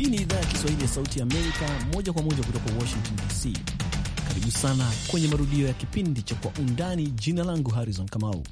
Hii ni idhaa ya Kiswahili ya Sauti ya Amerika, moja kwa moja kutoka Washington DC. Karibu sana kwenye marudio ya kipindi cha Kwa Undani. Jina langu Harrison Kamau.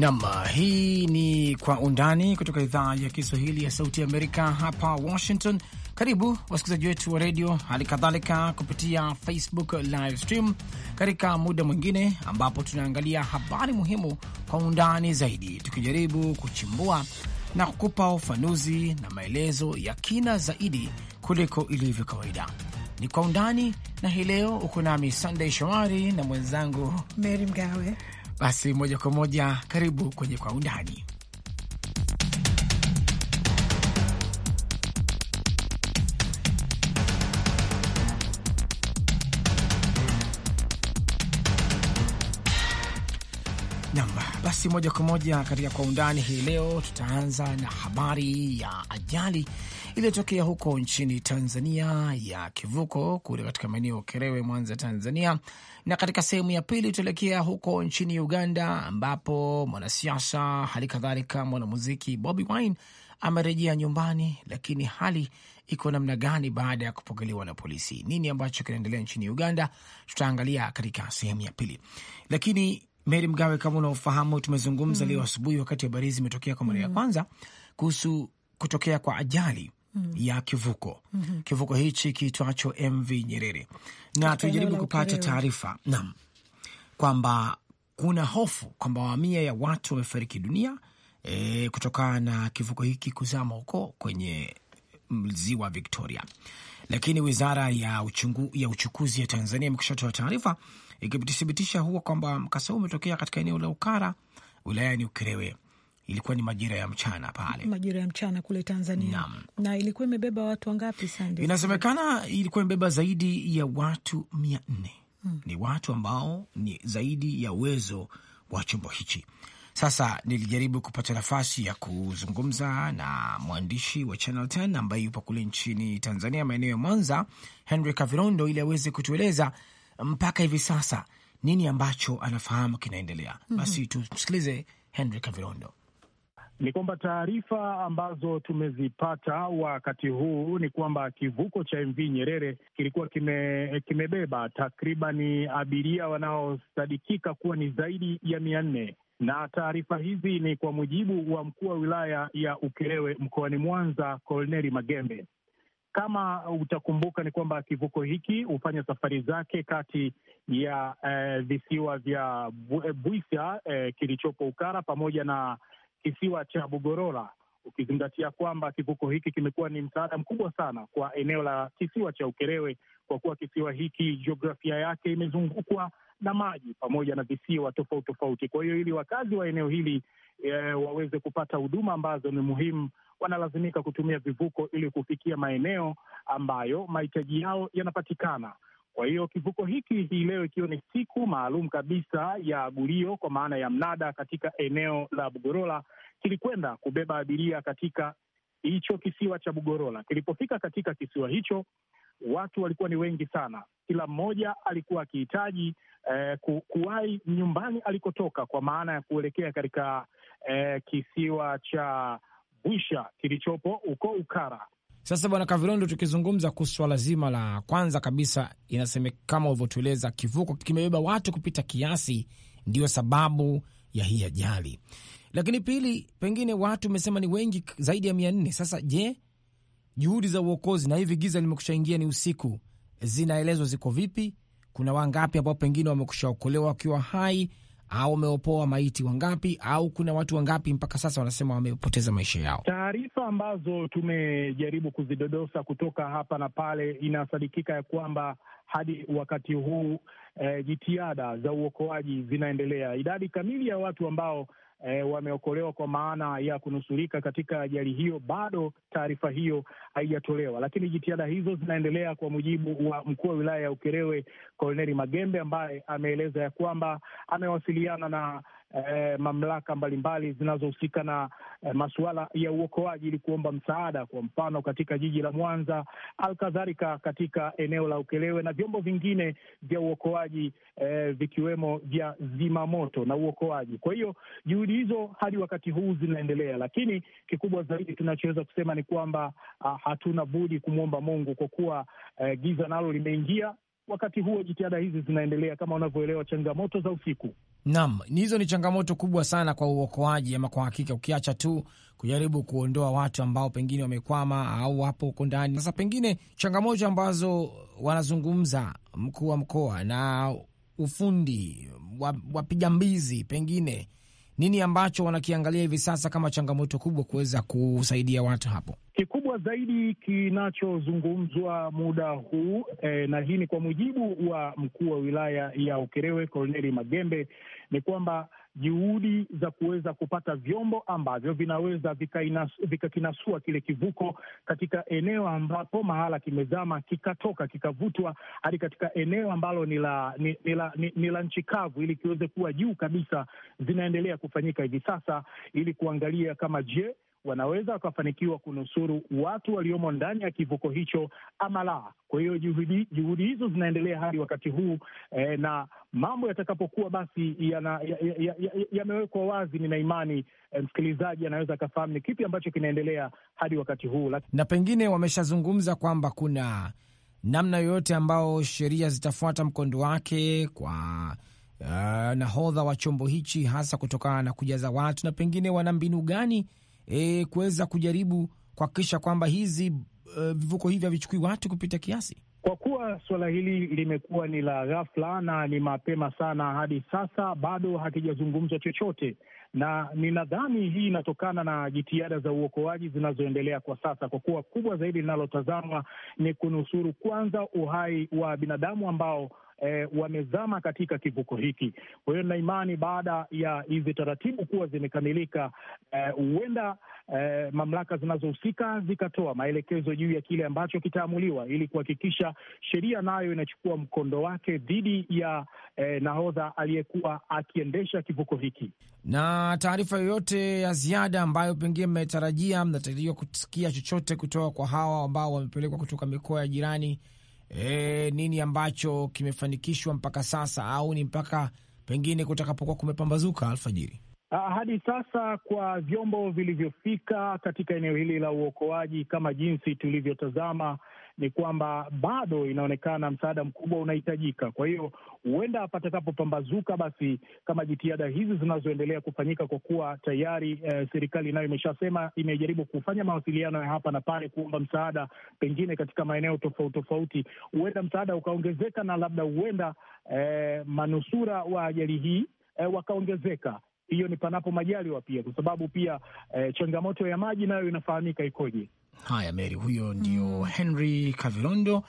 Nam, hii ni Kwa Undani kutoka idhaa ya Kiswahili ya Sauti ya Amerika hapa Washington. Karibu wasikilizaji wetu wa redio, hali kadhalika kupitia Facebook live stream, katika muda mwingine ambapo tunaangalia habari muhimu kwa undani zaidi, tukijaribu kuchimbua na kukupa ufanuzi na maelezo ya kina zaidi kuliko ilivyo kawaida. Ni kwa undani, na hii leo uko nami Sunday Shomari na mwenzangu Meri Mgawe. Basi moja kwa moja, karibu kwenye kwa undani. Basi moja kwa moja katika kwa undani hii leo, tutaanza na habari ya ajali iliyotokea huko nchini Tanzania ya kivuko kule katika maeneo Kerewe, Mwanza, Tanzania, na katika sehemu ya pili tutaelekea huko nchini Uganda ambapo mwanasiasa hali kadhalika mwanamuziki Bobi Wine amerejea nyumbani, lakini hali iko namna gani baada ya kupokelewa na polisi? Nini ambacho kinaendelea nchini Uganda tutaangalia katika sehemu ya pili, lakini Mary Mgawe, kama unaofahamu, tumezungumza mm leo asubuhi wakati habari hizi imetokea kwa mara ya mm. kwanza kuhusu kutokea kwa ajali mm ya kivuko mm -hmm. kivuko hichi kiitwacho MV Nyerere, na tulijaribu kupata taarifa nam kwamba kuna hofu kwamba mamia ya watu wamefariki dunia e, kutokana na kivuko hiki kuzama huko kwenye ziwa Victoria, lakini wizara ya, uchungu, ya uchukuzi ya Tanzania imekushatoa taarifa ikithibitisha huo kwamba mkasa huu umetokea katika eneo la Ukara wilayani Ukerewe. Ilikuwa ni majira ya mchana pale, majira ya mchana kule Tanzania. Naam. Na ilikuwa imebeba watu wangapi? Sande, inasemekana ilikuwa imebeba zaidi ya watu mia nne. Hmm. Ni watu ambao ni zaidi ya uwezo wa chombo hichi. Sasa nilijaribu kupata nafasi ya kuzungumza na mwandishi wa Channel 10 ambaye yupo kule nchini Tanzania, maeneo ya Mwanza, Henry Kavirondo, ili aweze kutueleza mpaka hivi sasa nini ambacho anafahamu kinaendelea? mm -hmm. Basi tumsikilize Henry Kavirondo. Ni kwamba taarifa ambazo tumezipata wakati huu ni kwamba kivuko cha MV Nyerere kilikuwa kime, kimebeba takribani abiria wanaosadikika kuwa ni zaidi ya mia nne na taarifa hizi ni kwa mujibu wa mkuu wa wilaya ya Ukerewe mkoani Mwanza, Kolneli Magembe. Kama utakumbuka ni kwamba kivuko hiki hufanya safari zake kati ya eh, visiwa vya Bwisa eh, kilichopo Ukara pamoja na kisiwa cha Bugorola, ukizingatia kwamba kivuko hiki kimekuwa ni msaada mkubwa sana kwa eneo la kisiwa cha Ukerewe, kwa kuwa kisiwa hiki jiografia yake imezungukwa na maji pamoja na visiwa tofauti tofauti. Kwa hiyo ili wakazi wa eneo hili e, waweze kupata huduma ambazo ni muhimu, wanalazimika kutumia vivuko ili kufikia maeneo ambayo mahitaji yao yanapatikana. Kwa hiyo kivuko hiki hii leo ikiwa ni siku maalum kabisa ya gulio kwa maana ya mnada katika eneo la Bugorola, kilikwenda kubeba abiria katika hicho kisiwa cha Bugorola. Kilipofika katika kisiwa hicho watu walikuwa ni wengi sana, kila mmoja alikuwa akihitaji eh, kuwahi nyumbani alikotoka, kwa maana ya kuelekea katika eh, kisiwa cha Bwisha kilichopo huko Ukara. Sasa Bwana Kavirondo, tukizungumza kuhusu swala zima la kwanza kabisa, inasemekana kama ulivyotueleza, kivuko kimebeba watu kupita kiasi, ndiyo sababu ya hii ajali. Lakini pili, pengine watu umesema ni wengi zaidi ya mia nne. Sasa je, juhudi za uokozi na hivi giza limekushaingia ni usiku, zinaelezwa ziko vipi? Kuna wangapi ambao pengine wamekushaokolewa wakiwa hai au wameopoa maiti wangapi, au kuna watu wangapi mpaka sasa wanasema wamepoteza maisha yao? Taarifa ambazo tumejaribu kuzidodosa kutoka hapa na pale, inasadikika ya kwamba hadi wakati huu eh, jitihada za uokoaji zinaendelea. Idadi kamili ya watu ambao e, wameokolewa kwa maana ya kunusurika katika ajali hiyo, bado taarifa hiyo haijatolewa, lakini jitihada hizo zinaendelea kwa mujibu wa mkuu wa wilaya ya Ukerewe Koloneli Magembe ambaye ameeleza ya kwamba amewasiliana na eh, mamlaka mbalimbali zinazohusika na eh, masuala ya uokoaji ili kuomba msaada, kwa mfano katika jiji la Mwanza, alkadhalika katika eneo la Ukelewe na vyombo vingine vya uokoaji eh, vikiwemo vya zimamoto na uokoaji. Kwa hiyo juhudi hizo hadi wakati huu zinaendelea, lakini kikubwa zaidi tunachoweza kusema ni kwamba ah, hatuna budi kumwomba Mungu kwa kuwa eh, giza nalo limeingia. Wakati huo jitihada hizi zinaendelea, kama unavyoelewa changamoto za usiku. Naam, hizo ni changamoto kubwa sana kwa uokoaji, ama kwa hakika, ukiacha tu kujaribu kuondoa watu ambao pengine wamekwama au wapo huko ndani. Sasa pengine changamoto ambazo wanazungumza mkuu wa mkoa na ufundi wapiga mbizi, pengine nini ambacho wanakiangalia hivi sasa kama changamoto kubwa kuweza kusaidia watu hapo kikubwa zaidi kinachozungumzwa muda huu eh, na hii ni kwa mujibu wa mkuu wa wilaya ya Ukerewe Koloneli Magembe ni kwamba juhudi za kuweza kupata vyombo ambavyo vinaweza vikakinasua vika kile kivuko katika eneo ambapo mahala kimezama kikatoka kikavutwa hadi katika eneo ambalo ni la ni, ni la, ni, ni la nchi kavu ili kiweze kuwa juu kabisa, zinaendelea kufanyika hivi sasa ili kuangalia kama je wanaweza wakafanikiwa kunusuru watu waliomo ndani ya kivuko hicho ama la. Kwa hiyo juhudi, juhudi hizo zinaendelea hadi wakati huu eh, na mambo yatakapokuwa basi yamewekwa ya, ya, ya, ya wazi, nina imani eh, msikilizaji anaweza akafahamu ni kipi ambacho kinaendelea hadi wakati huu Laki... na pengine wameshazungumza kwamba kuna namna yoyote ambao sheria zitafuata mkondo wake kwa uh, nahodha wa chombo hichi hasa kutokana na kujaza watu, na pengine wana mbinu gani e, kuweza kujaribu kuhakikisha kwamba hizi e, vivuko hivi havichukui watu kupita kiasi? Kwa kuwa suala hili limekuwa ni la ghafla na ni mapema sana, hadi sasa bado hakijazungumzwa chochote, na ninadhani hii inatokana na jitihada za uokoaji zinazoendelea kwa sasa, kwa kuwa kubwa zaidi linalotazamwa ni kunusuru kwanza uhai wa binadamu ambao eh, wamezama katika kivuko hiki. Kwa hiyo nina imani baada ya hizi taratibu kuwa zimekamilika, eh, huenda eh, eh, mamlaka zinazohusika zikatoa maelekezo juu ya kile ambacho kitaamuliwa ili kuhakikisha sheria nayo inachukua mkondo wake dhidi ya eh, nahodha aliyekuwa akiendesha kivuko hiki. Na taarifa yoyote ya ziada ambayo pengine mmetarajia, mnatarajia kusikia chochote kutoka kwa hawa ambao wamepelekwa kutoka mikoa ya jirani e, nini ambacho kimefanikishwa mpaka sasa, au ni mpaka pengine kutakapokuwa kumepambazuka alfajiri? Ah, hadi sasa kwa vyombo vilivyofika katika eneo hili la uokoaji, kama jinsi tulivyotazama, ni kwamba bado inaonekana msaada mkubwa unahitajika. Kwa hiyo huenda patakapopambazuka, basi kama jitihada hizi zinazoendelea kufanyika, kwa kuwa tayari eh, serikali nayo imeshasema imejaribu kufanya mawasiliano ya hapa na pale kuomba msaada, pengine katika maeneo tofauti tofauti, huenda msaada ukaongezeka na labda huenda eh, manusura wa ajali hii E, wakaongezeka hiyo ni panapo majaliwa pia, kwa sababu pia eh, changamoto ya maji nayo inafahamika ikoje. Haya, Mary, huyo ndio Henry Kavilondo,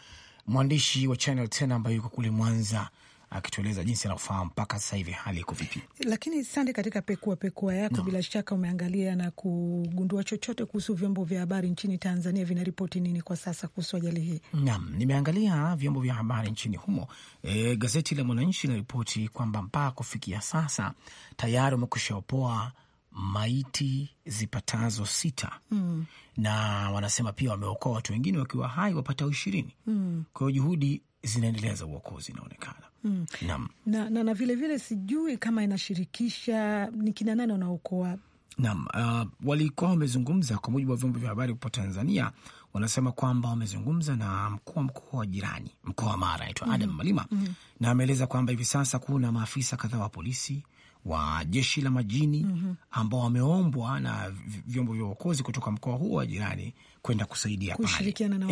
mwandishi wa Channel 10 ambaye yuko kule Mwanza akitueleza jinsi anavyofahamu mpaka sasa hivi hali iko vipi. Lakini sande, katika pekua pekua yako no. bila shaka umeangalia na kugundua chochote kuhusu vyombo vya habari nchini Tanzania vinaripoti nini kwa sasa kuhusu ajali hii? Naam, nimeangalia vyombo vya habari nchini humo. E, gazeti la Mwananchi linaripoti kwamba mpaka kufikia sasa tayari wamekusha opoa maiti zipatazo sita mm. na wanasema pia wameokoa watu wengine wakiwa hai wapatao ishirini mm. kwa hiyo juhudi zinaendelea za uokozi inaonekana. Mm. Na, na, na vile vile sijui kama inashirikisha ni kina nani wanaokoa. Naam, uh, walikuwa wamezungumza kwa mujibu wa vyombo vya habari huko Tanzania, wanasema kwamba wamezungumza na mkuu wa mkoa wa jirani, mkoa wa Mara aitwa mm -hmm. Adam Malima mm -hmm. na ameeleza kwamba hivi sasa kuna maafisa kadhaa wa polisi wa jeshi la majini mm -hmm. ambao wameombwa na vyombo vya uokozi kutoka mkoa huo wa jirani kwenda kusaidia pale, kushirikiana na,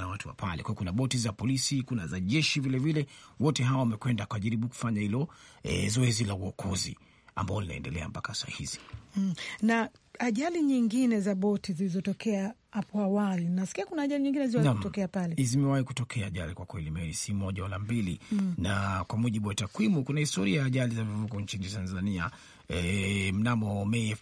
eh, watu wa pale. Kwa kuna boti za polisi, kuna za jeshi vilevile Wote hawa wamekwenda kujaribu kufanya hilo e, zoezi la uokozi ambao linaendelea mpaka saa hizi mm. na ajali nyingine za boti zilizotokea hapo awali, nasikia kuna ajali nyingine zimewahi kutokea pale. Zimewahi kutokea ajali kwa kweli, meli si moja wala mbili mm. na kwa mujibu wa takwimu, kuna historia ya ajali za vivuko nchini Tanzania. E, mnamo Mei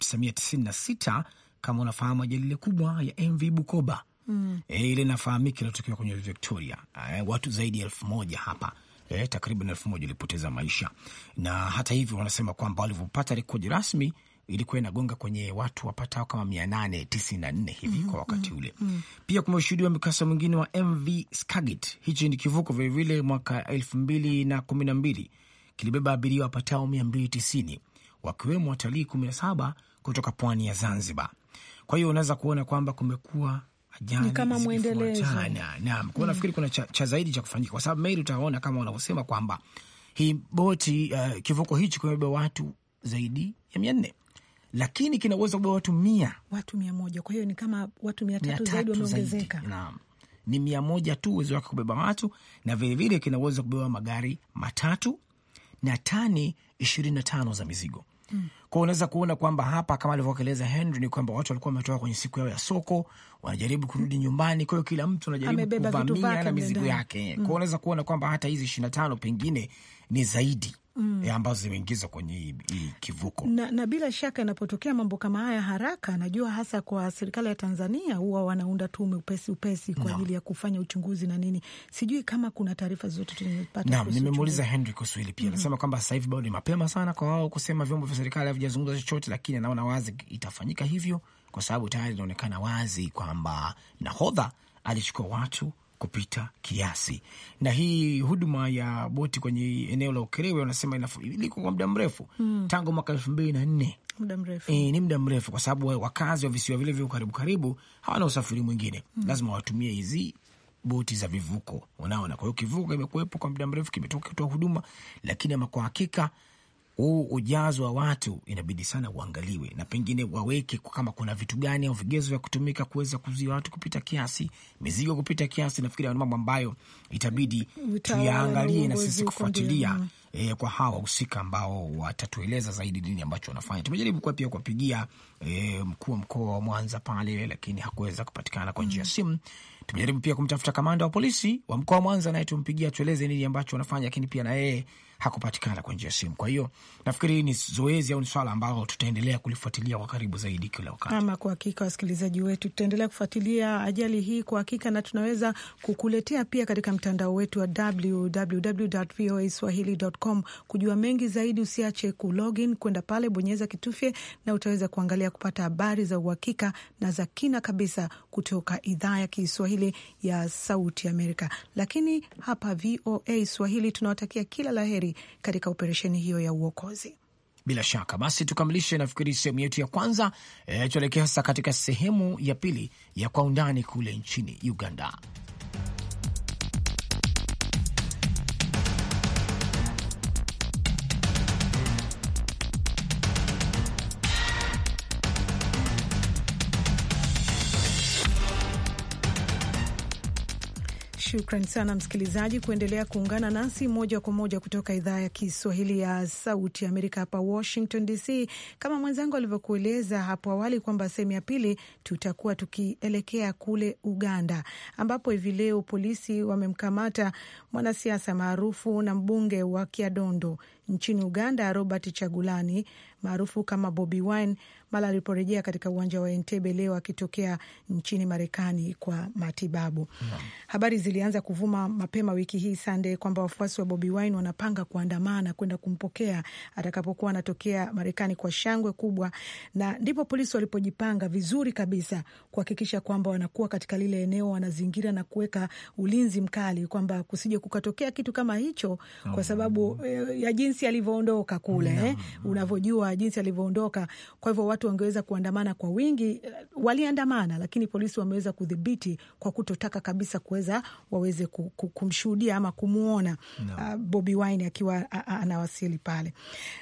sita kama unafahamu ajali ile kubwa ya MV Bukoba mm. E, ile inafahamika iliotokewa kwenye Victoria e, watu zaidi ya elfu moja hapa e, takriban elfu moja ilipoteza maisha, na hata hivyo wanasema kwamba walivyopata rekodi rasmi ilikuwa inagonga kwenye watu wapatao kama mia nane tisini na nne hivi mm -hmm, kwa wakati ule mm-hmm. mm -hmm. Pia kumeshuhudiwa mkasa mwingine wa MV Skagit, hichi ni kivuko vilevile, mwaka elfu mbili na kumi na mbili kilibeba abiria wapatao mia mbili tisini wakiwemo watalii kumi na saba kutoka pwani ya Zanzibar. Kwa hiyo unaweza kuona kwamba kumekuwa ajali kama mwendelezo. Naam, kwa mm. nafikiri kuna cha, cha zaidi cha kufanyika, kwa sababu Meri utaona kama wanavyosema kwamba hii boti uh, kivuko hichi kimebeba watu zaidi ya mia nne lakini kinaweza kubeba watu mia watu mia moja Kwa hiyo ni kama watu mia tatu zaidi wameongezeka. Naam, ni mia moja tu uwezo wake kubeba watu, na vilevile kinaweza kubeba magari matatu na tani ishirini na tano za mizigo mm. Kwa unaweza kuona kwamba hapa kama alivyokeleza Henry ni kwamba watu walikuwa wametoka kwenye siku yao ya soko, wanajaribu kurudi nyumbani. Kwa hiyo kila mtu anajaribu kuvamia na mizigo yake. Kwa mm. unaweza kuona kwamba hata hizi ishirini na tano pengine ni zaidi mm. Eh, ambazo zimeingizwa kwenye hii kivuko na, na bila shaka inapotokea mambo kama haya haraka, najua hasa kwa serikali ya Tanzania huwa wanaunda tume upesi upesi kwa ajili ya kufanya uchunguzi na nini. Sijui kama kuna taarifa zote tumepata. Naam, nimemuuliza Henry kuhusu hili pia, mm-hmm. anasema mm -hmm. kwamba sasa hivi bado ni mapema sana kwa wao kusema vyombo vya serikali havijazungumza chochote, lakini anaona wazi itafanyika hivyo kwa sababu tayari inaonekana wazi kwamba nahodha alichukua watu kupita kiasi. Na hii huduma ya boti kwenye eneo la Ukerewe wanasema liko kwa muda mrefu mm, tangu mwaka elfu mbili na nne. E, ni muda mrefu kwa sababu wakazi wa visiwa vile viko karibu karibu hawana usafiri mwingine mm, lazima watumie hizi boti za vivuko, unaona. Kwa hiyo kivuko kimekuwepo kwa muda mrefu, kimetoka kutoa huduma, lakini ama kwa hakika huu ujazo wa watu inabidi sana uangaliwe, na pengine waweke kama kuna vitu gani au vigezo vya kutumika kuweza kuzuia watu kupita kiasi, mizigo kupita kiasi. Nafikiri ni mambo ambayo itabidi tuyaangalie na sisi kufuatilia e, kwa hawa wahusika ambao watatueleza zaidi nini ambacho wanafanya. Tumejaribu kuwa pia kuwapigia e, mkuu wa mkoa wa Mwanza pale, lakini hakuweza kupatikana kwa njia ya mm. simu. Tumejaribu pia kumtafuta kamanda wa polisi wa mkoa wa Mwanza, naye tumpigia tueleze nini ambacho wanafanya, lakini pia na yeye hakupatikana kwa njia ya simu. Kwa hiyo nafikiri ni zoezi au ni swala ambalo tutaendelea kulifuatilia kwa karibu zaidi kila wakati. Ama kwa hakika, wasikilizaji wetu, tutaendelea kufuatilia ajali hii kwa hakika, na tunaweza kukuletea pia katika mtandao wetu wa www.voaswahili.com kujua mengi zaidi. Usiache kulogin kwenda pale, bonyeza kitufe na utaweza kuangalia kupata habari za uhakika na za kina kabisa kutoka idhaa ya Kiswahili ya Sauti Amerika. Lakini hapa VOA Swahili tunawatakia kila laheri katika operesheni hiyo ya uokozi. Bila shaka basi, tukamilishe nafikiri sehemu yetu ya kwanza e, eh, tuelekea sasa katika sehemu ya pili ya kwa undani kule nchini Uganda. Shukran sana msikilizaji kuendelea kuungana nasi moja kwa moja kutoka idhaa ya Kiswahili ya Sauti ya Amerika hapa Washington DC. Kama mwenzangu alivyokueleza hapo awali kwamba sehemu ya pili tutakuwa tukielekea kule Uganda, ambapo hivi leo polisi wamemkamata mwanasiasa maarufu na mbunge wa Kiadondo nchini Uganda, Robert Chagulani maarufu kama Bobi Wine mara aliporejea katika uwanja wa Entebbe leo akitokea nchini Marekani kwa matibabu. No. Habari zilianza kuvuma mapema wiki hii Sande kwamba wafuasi wa Bobi Wine wanapanga kuandamana kwenda kumpokea atakapokuwa anatokea Marekani kwa shangwe kubwa, na ndipo polisi walipojipanga vizuri kabisa kuhakikisha kwamba wanakuwa katika lile eneo, wanazingira na kuweka ulinzi mkali kwamba kusije kukatokea kitu kama hicho no. kwa sababu eh, ya jinsi alivyoondoka kule no. eh, unavyojua jinsi alivyoondoka, kwa hivyo watu watu wangeweza kuandamana kwa wingi, eh, waliandamana, lakini polisi wameweza kudhibiti kwa kutotaka kabisa kuweza waweze kumshuhudia ama kumwona no. Ah, Bobi Wine akiwa anawasili pale,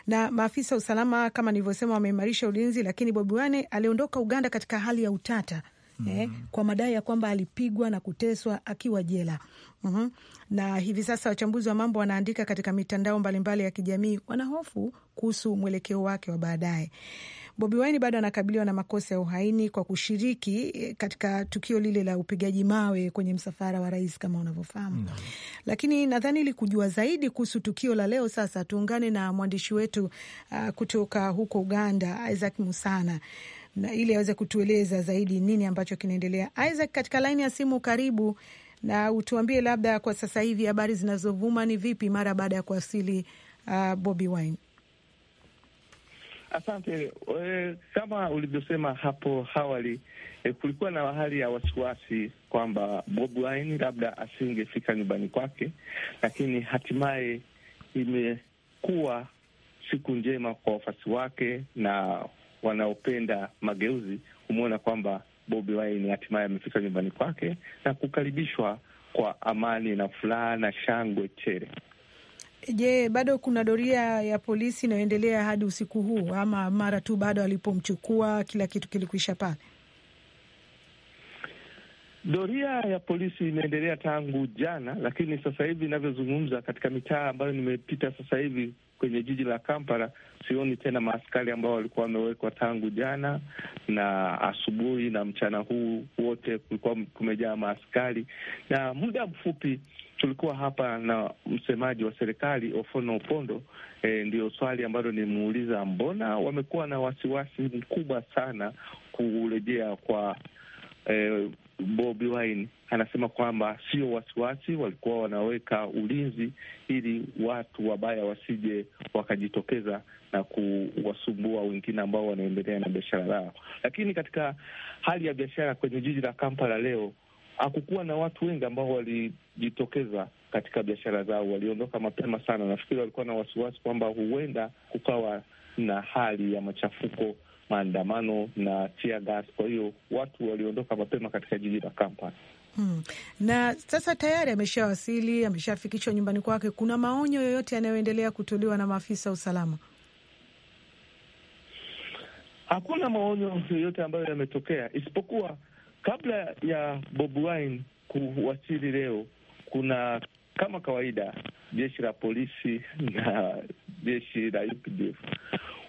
na maafisa usalama kama nilivyosema wameimarisha ulinzi, lakini Bobi Wine aliondoka Uganda katika hali ya utata. mm. Eh, mm-hmm. kwa madai ya kwamba alipigwa na kuteswa akiwa jela. Mm -hmm. Na hivi sasa wachambuzi wa mambo wanaandika katika mitandao mbalimbali mbali ya kijamii, wanahofu kuhusu mwelekeo wake wa baadaye. Bobi Wine bado anakabiliwa na makosa ya uhaini kwa kushiriki eh, katika tukio lile la upigaji mawe kwenye msafara wa rais kama unavyofahamu. No. Lakini nadhani ili kujua zaidi kuhusu tukio la leo, sasa tuungane na mwandishi wetu uh, kutoka huko Uganda Isaac Musana na ili aweze kutueleza zaidi nini ambacho kinaendelea. Isaac, katika laini ya simu, karibu na utuambie labda kwa sasa hivi habari zinazovuma ni vipi mara baada ya kuwasili uh, Bobi Wine? Asante. E, kama ulivyosema hapo awali e, kulikuwa na hali ya wasiwasi kwamba Bob Wine labda asingefika nyumbani kwake, lakini hatimaye imekuwa siku njema kwa wafuasi wake na wanaopenda mageuzi. Umeona kwamba Bobi Wine hatimaye amefika nyumbani kwake na kukaribishwa kwa amani na furaha na shangwe chere Je, bado kuna doria ya polisi inayoendelea hadi usiku huu ama mara tu bado alipomchukua kila kitu kilikuisha pale? Doria ya polisi imeendelea tangu jana, lakini sasa hivi inavyozungumza, katika mitaa ambayo nimepita sasa hivi kwenye jiji la Kampala, sioni tena maaskari ambao walikuwa wamewekwa tangu jana na asubuhi na mchana huu wote kulikuwa kumejaa maaskari, na muda mfupi tulikuwa hapa na msemaji wa serikali Ofono Opondo. E, ndiyo swali ambalo nimuuliza, mbona wamekuwa na wasiwasi mkubwa sana kurejea kwa e, Bobi Wine? Anasema kwamba sio wasiwasi, walikuwa wanaweka ulinzi ili watu wabaya wasije wakajitokeza na kuwasumbua wengine ambao wanaendelea na biashara zao. Lakini katika hali ya biashara kwenye jiji la Kampala leo hakukuwa na watu wengi ambao walijitokeza katika biashara zao, waliondoka mapema sana. Nafikiri walikuwa na wasiwasi kwamba huenda kukawa na hali ya machafuko, maandamano na tia gas. Kwa hiyo watu waliondoka mapema katika jiji la Kampala. Hmm. Na sasa tayari ameshawasili, ameshafikishwa nyumbani kwake. Kuna maonyo yoyote yanayoendelea kutolewa na maafisa usalama? Hakuna maonyo yoyote ambayo yametokea isipokuwa Kabla ya Bobi Wine kuwasili leo, kuna kama kawaida jeshi la polisi na jeshi la UPDF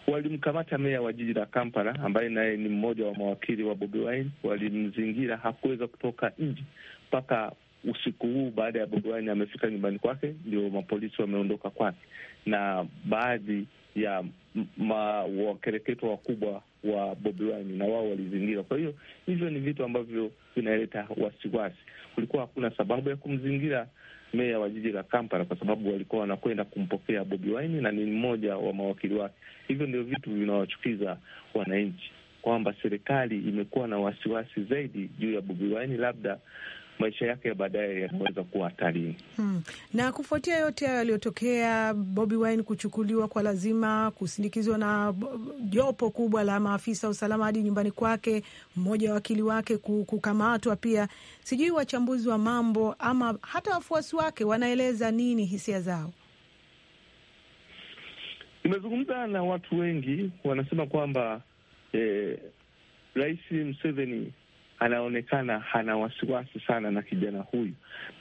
walimkamata meya wa jiji la Kampala ambaye naye ni mmoja wa mawakili wa Bobi Wine. Walimzingira, hakuweza kutoka nje mpaka usiku huu. Baada ya Bobi Wine amefika nyumbani kwake, ndio mapolisi wameondoka kwake na baadhi ya wakereketo wakubwa wa Bobi Wine na wao walizingira. Kwa hiyo hivyo ni vitu ambavyo vinaleta wasiwasi. Kulikuwa hakuna sababu ya kumzingira meya wa jiji la Kampala kwa sababu walikuwa wanakwenda kumpokea Bobi Wine na ni mmoja wa mawakili wake. Hivyo ndio vitu vinawachukiza wananchi kwamba serikali imekuwa na wasiwasi zaidi juu ya Bobi Wine, labda maisha yake ya baadaye yanaweza kuwa hatarini. Hmm. Na kufuatia yote hayo yaliyotokea, Bobi Wine kuchukuliwa kwa lazima, kusindikizwa na jopo kubwa la maafisa usalama hadi nyumbani kwake, mmoja wa wakili wake kukamatwa pia, sijui wachambuzi wa mambo ama hata wafuasi wake wanaeleza nini hisia zao. Nimezungumza na watu wengi wanasema kwamba eh, Rais Museveni anaonekana hana wasiwasi sana na kijana huyu,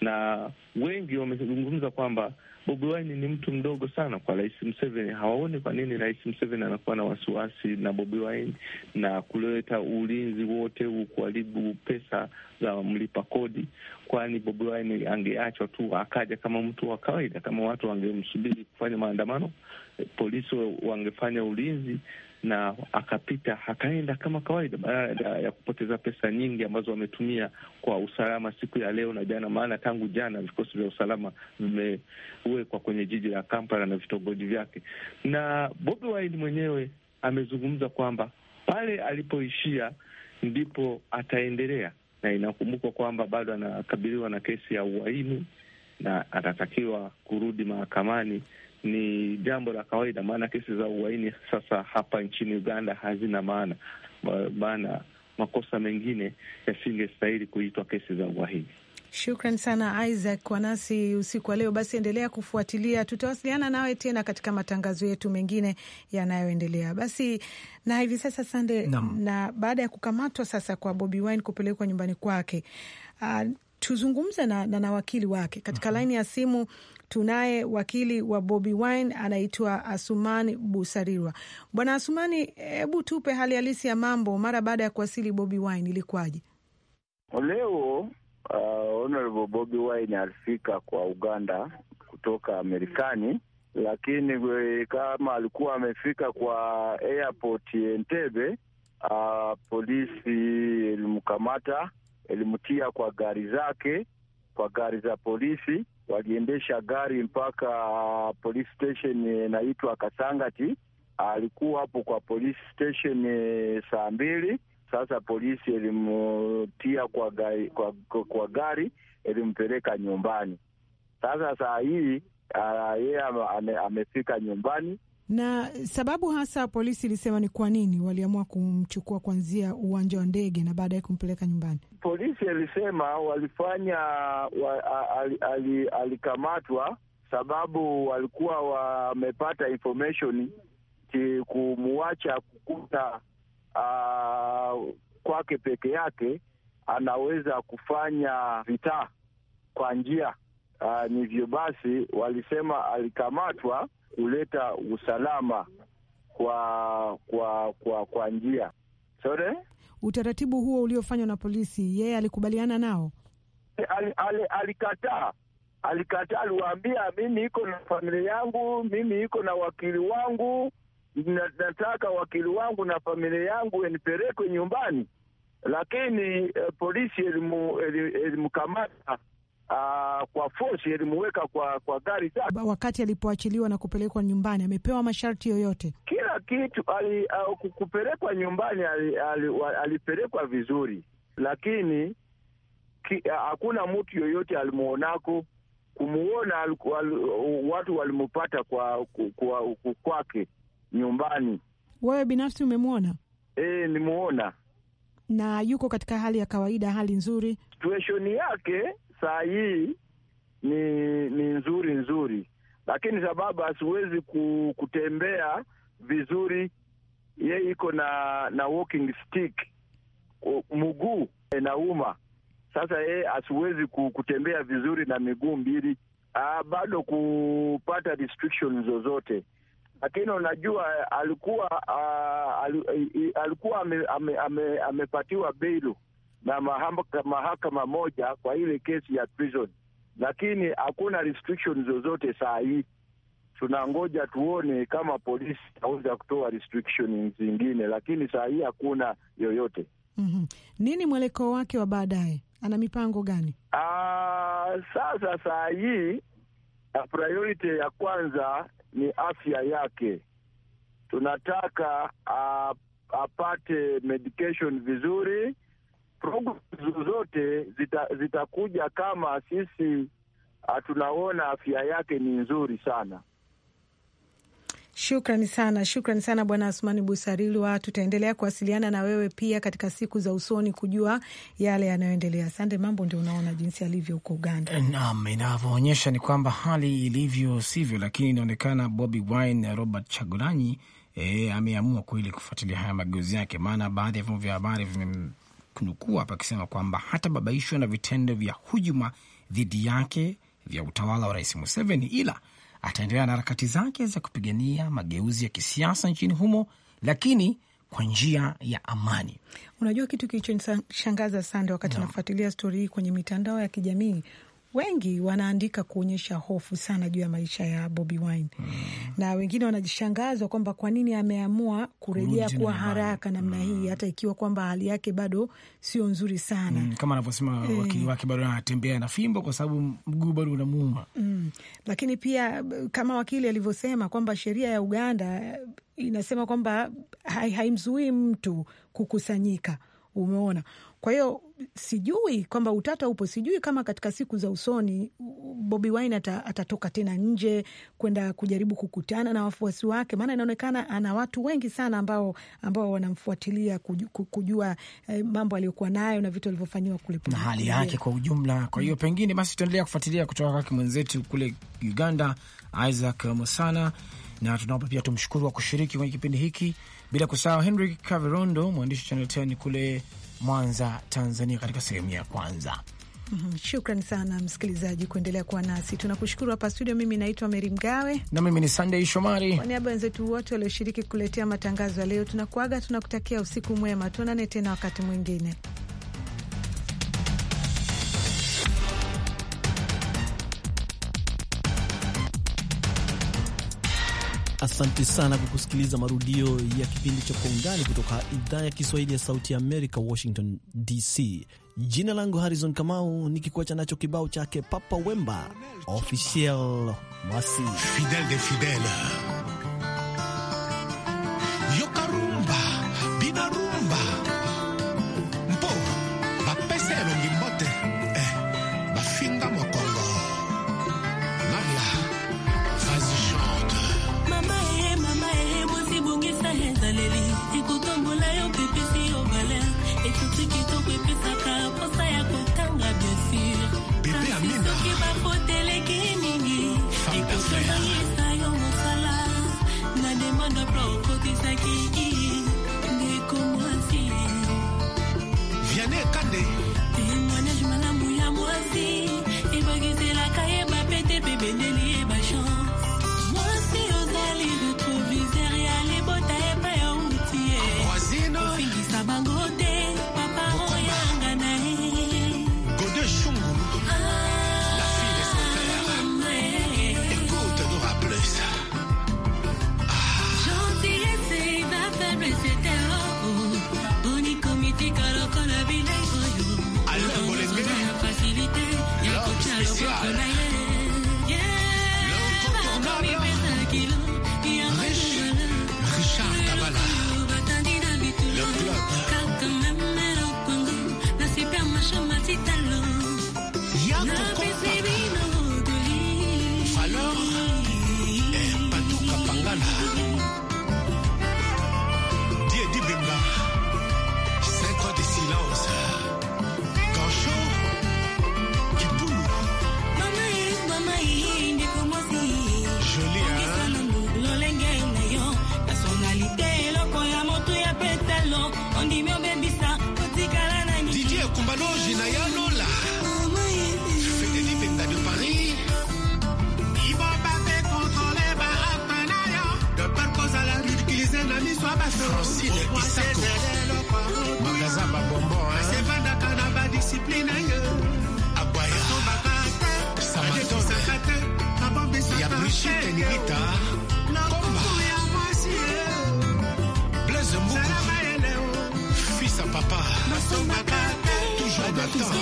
na wengi wamezungumza kwamba Bobi Wine ni mtu mdogo sana kwa Rais Museveni. Hawaoni kwa nini Rais Museveni anakuwa na wasiwasi na Bobi Wine na kuleta ulinzi wote huu, kuharibu pesa za mlipa kodi, kwani Bobi Wine angeachwa tu akaja kama mtu wa kawaida. Kama watu wangemsubiri kufanya maandamano, polisi wangefanya ulinzi na akapita akaenda kama kawaida, baada ya kupoteza pesa nyingi ambazo wametumia kwa usalama siku ya leo na jana. Maana tangu jana vikosi vya usalama vimewekwa kwenye jiji la Kampala na vitongoji vyake, na Bobi Wine mwenyewe amezungumza kwamba pale alipoishia ndipo ataendelea, na inakumbukwa kwamba bado anakabiliwa na kesi ya uhaini na atatakiwa kurudi mahakamani ni jambo la kawaida, maana kesi za uhaini sasa hapa nchini Uganda hazina maana, maana makosa mengine yasingestahili kuitwa kesi za uhaini. Shukran sana Isaac kwa nasi usiku wa leo. Basi endelea kufuatilia, tutawasiliana nawe tena katika matangazo yetu mengine yanayoendelea. Basi na hivi sasa Sande, na baada ya kukamatwa sasa kwa Bobi Wine kupelekwa nyumbani kwake uh, tuzungumze na, na, na wakili wake katika uh mhm. -huh. laini ya simu tunaye wakili wa Bobi Wine anaitwa Asumani Busarirwa. Bwana Asumani, hebu tupe hali halisi ya mambo mara baada ya kuwasili Bobi Wine, ilikuwaje leo? Uh, Honorable Bobi Wine alifika kwa Uganda kutoka Amerikani, lakini eh, kama alikuwa amefika kwa airport Entebbe, uh, polisi ilimkamata ilimtia kwa gari zake, kwa gari za polisi. Waliendesha gari mpaka uh, police station eh, inaitwa Kasangati. Alikuwa hapo kwa police station eh, saa mbili. Sasa polisi ilimtia kwa gari, kwa, kwa gari ilimpeleka nyumbani. Sasa saa hii uh, yeye amefika nyumbani na sababu hasa polisi ilisema ni kwa nini waliamua kumchukua kuanzia uwanja wa ndege na baadaye kumpeleka nyumbani. Polisi alisema walifanya wa, alikamatwa sababu walikuwa wamepata information kumuacha kukuta uh, kwake peke yake anaweza kufanya vitaa kwa njia Ah, hivyo basi walisema alikamatwa kuleta usalama kwa kwa kwa, kwa njia sore. Utaratibu huo uliofanywa na polisi, yeye alikubaliana nao? Al, al, alikataa alikataa, aliwaambia mimi iko na familia yangu, mimi iko na wakili wangu nataka wakili wangu na familia yangu nipelekwe nyumbani, lakini eh, polisi elimkamata uh, kwa fosi alimuweka kwa kwa gari zake. Wakati alipoachiliwa na kupelekwa nyumbani, amepewa masharti yoyote, kila kitu ali, uh, kupelekwa nyumbani alipelekwa ali, ali vizuri, lakini hakuna uh, mtu yoyote alimuonako kumuona al, al, watu walimupata kwa kwake kwa nyumbani. Wewe binafsi umemwona? E, nimuona na yuko katika hali ya kawaida, hali nzuri. Situesheni yake saa hii ni ni nzuri nzuri, lakini sababu asiwezi ku, kutembea vizuri, ye iko na na walking stick, mguu inauma. Sasa ye asiwezi kutembea vizuri na miguu mbili, ah, bado kupata zozote lakini unajua alikuwa a, ah, alikuwa amepatiwa ame, ame, ame beilu na mahakama moja kwa ile kesi ya prison, lakini hakuna restriction zozote saa hii. Tunangoja tuone kama polisi itaweza kutoa restriction zingine, lakini saa hii hakuna yoyote. Mm-hmm. Nini mwelekeo wake wa baadaye? Ana mipango gani? Aa, ah, sasa saa hii priority ya kwanza ni afya yake. Tunataka apate medication vizuri programu zozote zitakuja zita kama sisi tunaona afya yake ni nzuri sana. Shukrani sana, shukrani sana Bwana Asmani Busarilwa. Tutaendelea kuwasiliana na wewe pia katika siku za usoni kujua yale yanayoendelea. Sande Mambo ndio unaona jinsi alivyo huko Uganda. Naam, inavyoonyesha ni kwamba hali ilivyo sivyo, lakini inaonekana Bobi Wine na Robert Chagulanyi e, ameamua kweli kufuatilia haya mageuzi yake, maana baadhi ya vyombo vya habari vime kunukuu hapa akisema kwamba hatababaishwa na vitendo vya hujuma dhidi yake vya utawala wa Rais Museveni, ila ataendelea na harakati zake za kupigania mageuzi ya kisiasa nchini humo, lakini kwa njia ya amani. Unajua kitu kilichonishangaza sana wakati no. nafuatilia stori hii kwenye mitandao ya kijamii, wengi wanaandika kuonyesha hofu sana juu ya maisha ya Bobi Wine mm. na wengine wanajishangazwa kwamba kwa nini ameamua kurejea kuwa haraka namna hii hmm. hata ikiwa kwamba hali yake bado sio nzuri sana mm. kama anavyosema eh. wakili wake bado anatembea na fimbo kwa sababu mguu bado unamuuma mm. lakini pia kama wakili alivyosema kwamba sheria ya Uganda inasema kwamba haimzuii hai mtu kukusanyika Umeona? Kwa hiyo sijui kwamba utata upo, sijui kama katika siku za usoni Bobi Wine ata, atatoka tena nje kwenda kujaribu kukutana na wafuasi wake, maana inaonekana ana watu wengi sana ambao ambao wanamfuatilia kujua eh, mambo aliyokuwa nayo na vitu alivyofanyiwa kule na hali yake kwa ujumla. Kwa hiyo mm. pengine basi tutaendelea kufuatilia kutoka kwake mwenzetu kule Uganda, Isaac Mosana, na tunaomba pia tumshukuru wa kushiriki kwenye kipindi hiki bila kusahau Henry Cavirondo, mwandishi channel Chanel kule Mwanza, Tanzania, katika sehemu ya kwanza. Mm-hmm. Shukran sana msikilizaji kuendelea kuwa nasi, tunakushukuru. Hapa studio, mimi naitwa Meri Mgawe na mimi ni Sandey Shomari. Kwa niaba ya wenzetu wote walioshiriki kuletea matangazo ya leo, tunakuaga tunakutakia usiku mwema, tuonane tena wakati mwingine. Asante sana kwa kusikiliza marudio ya kipindi cha Kwa Undani kutoka idhaa ya Kiswahili ya Sauti ya Amerika, Washington DC. Jina langu Harrison Kamau, nikikuacha nacho kibao chake Papa Wemba Officiel Mwasi Fidel de Fidel. papa, toujours d'attendre.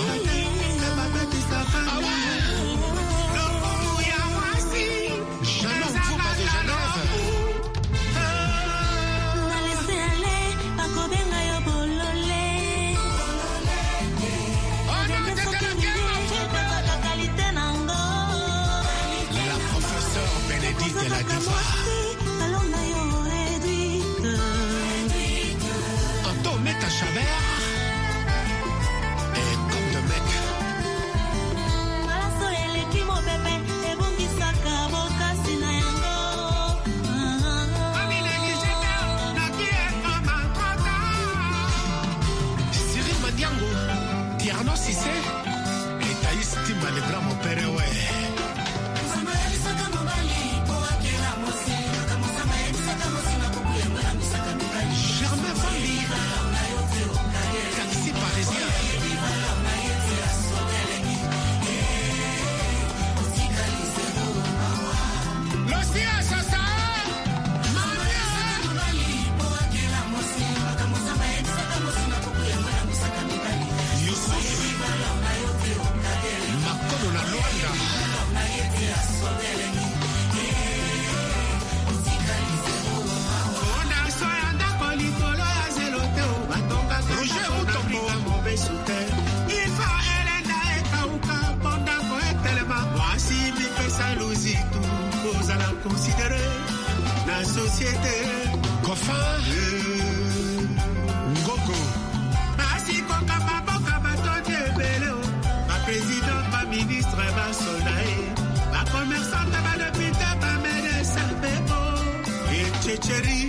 Cherry.